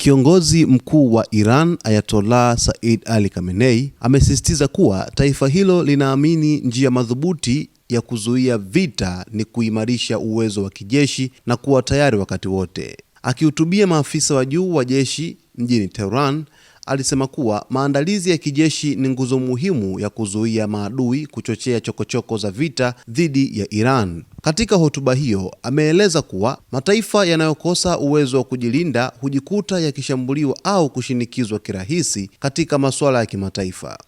Kiongozi mkuu wa Iran Ayatollah Said Ali Khamenei amesisitiza kuwa taifa hilo linaamini njia madhubuti ya kuzuia vita ni kuimarisha uwezo wa kijeshi na kuwa tayari wakati wote. Akihutubia maafisa wa juu wa jeshi mjini Tehran, alisema kuwa maandalizi ya kijeshi ni nguzo muhimu ya kuzuia maadui kuchochea chokochoko choko za vita dhidi ya Iran. Katika hotuba hiyo ameeleza kuwa mataifa yanayokosa uwezo wa kujilinda hujikuta yakishambuliwa au kushinikizwa kirahisi katika masuala ya kimataifa.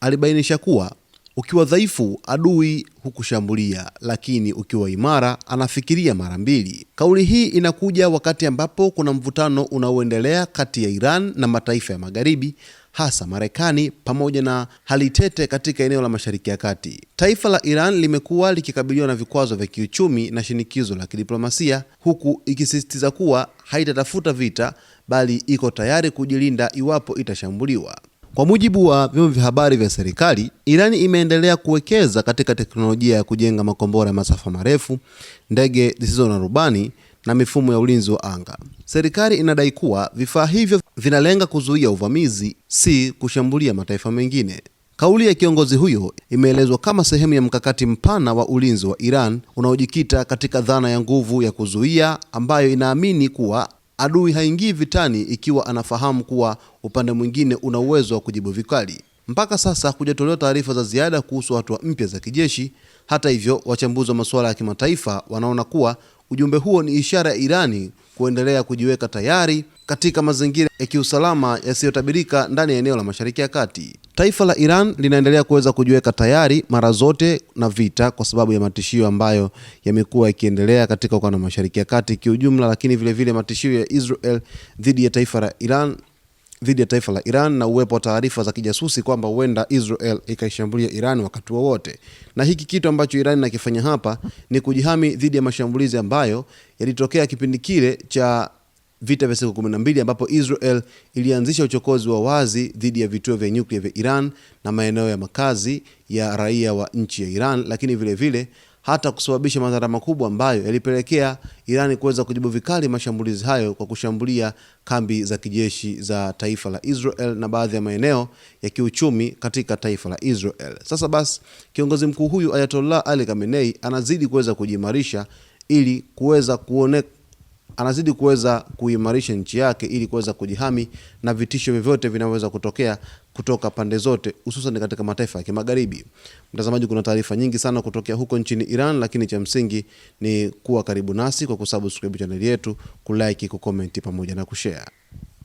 Alibainisha kuwa ukiwa dhaifu adui hukushambulia, lakini ukiwa imara anafikiria mara mbili. Kauli hii inakuja wakati ambapo kuna mvutano unaoendelea kati ya Iran na mataifa ya Magharibi, hasa Marekani pamoja na hali tete katika eneo la Mashariki ya Kati. Taifa la Iran limekuwa likikabiliwa na vikwazo vya kiuchumi na shinikizo la kidiplomasia, huku ikisisitiza kuwa haitatafuta vita, bali iko tayari kujilinda iwapo itashambuliwa. Kwa mujibu wa vyombo vya habari vya serikali, Irani imeendelea kuwekeza katika teknolojia ya kujenga makombora ya masafa marefu, ndege zisizo na rubani na mifumo ya ulinzi wa anga. Serikali inadai kuwa vifaa hivyo vinalenga kuzuia uvamizi, si kushambulia mataifa mengine. Kauli ya kiongozi huyo imeelezwa kama sehemu ya mkakati mpana wa ulinzi wa Iran unaojikita katika dhana ya nguvu ya kuzuia ambayo inaamini kuwa Adui haingii vitani ikiwa anafahamu kuwa upande mwingine una uwezo wa kujibu vikali. Mpaka sasa hakujatolewa taarifa za ziada kuhusu hatua mpya za kijeshi. Hata hivyo, wachambuzi wa masuala ya kimataifa wanaona kuwa ujumbe huo ni ishara ya Irani kuendelea kujiweka tayari katika mazingira ya kiusalama yasiyotabirika ndani ya eneo la Mashariki ya Kati. Taifa la Iran linaendelea kuweza kujiweka tayari mara zote na vita kwa sababu ya matishio ambayo yamekuwa yakiendelea katika ukanda wa Mashariki ya Kati kiujumla, lakini vile vile matishio ya Israel dhidi ya taifa la Iran dhidi ya taifa la Iran na uwepo wa taarifa za kijasusi kwamba huenda Israel ikaishambulia Iran wakati wowote. Na hiki kitu ambacho Iran inakifanya hapa ni kujihami dhidi ya mashambulizi ambayo yalitokea kipindi kile cha vita vya siku 12 ambapo Israel ilianzisha uchokozi wa wazi dhidi ya vituo vya nyuklia vya Iran na maeneo ya makazi ya raia wa nchi ya Iran, lakini vile vile hata kusababisha madhara makubwa ambayo yalipelekea Iran kuweza kujibu vikali mashambulizi hayo kwa kushambulia kambi za kijeshi za taifa la Israel na baadhi ya maeneo ya kiuchumi katika taifa la Israel. Sasa basi, kiongozi mkuu huyu Ayatollah Ali Khamenei anazidi kuweza kujiimarisha ili kuweza kuone anazidi kuweza kuimarisha nchi yake ili kuweza kujihami na vitisho vyovyote vinavyoweza kutokea kutoka pande zote, hususan katika mataifa ya kimagharibi. Mtazamaji, kuna taarifa nyingi sana kutokea huko nchini Iran, lakini cha msingi ni kuwa karibu nasi kwa kusubscribe chaneli yetu, kulike, kukomenti pamoja na kushare.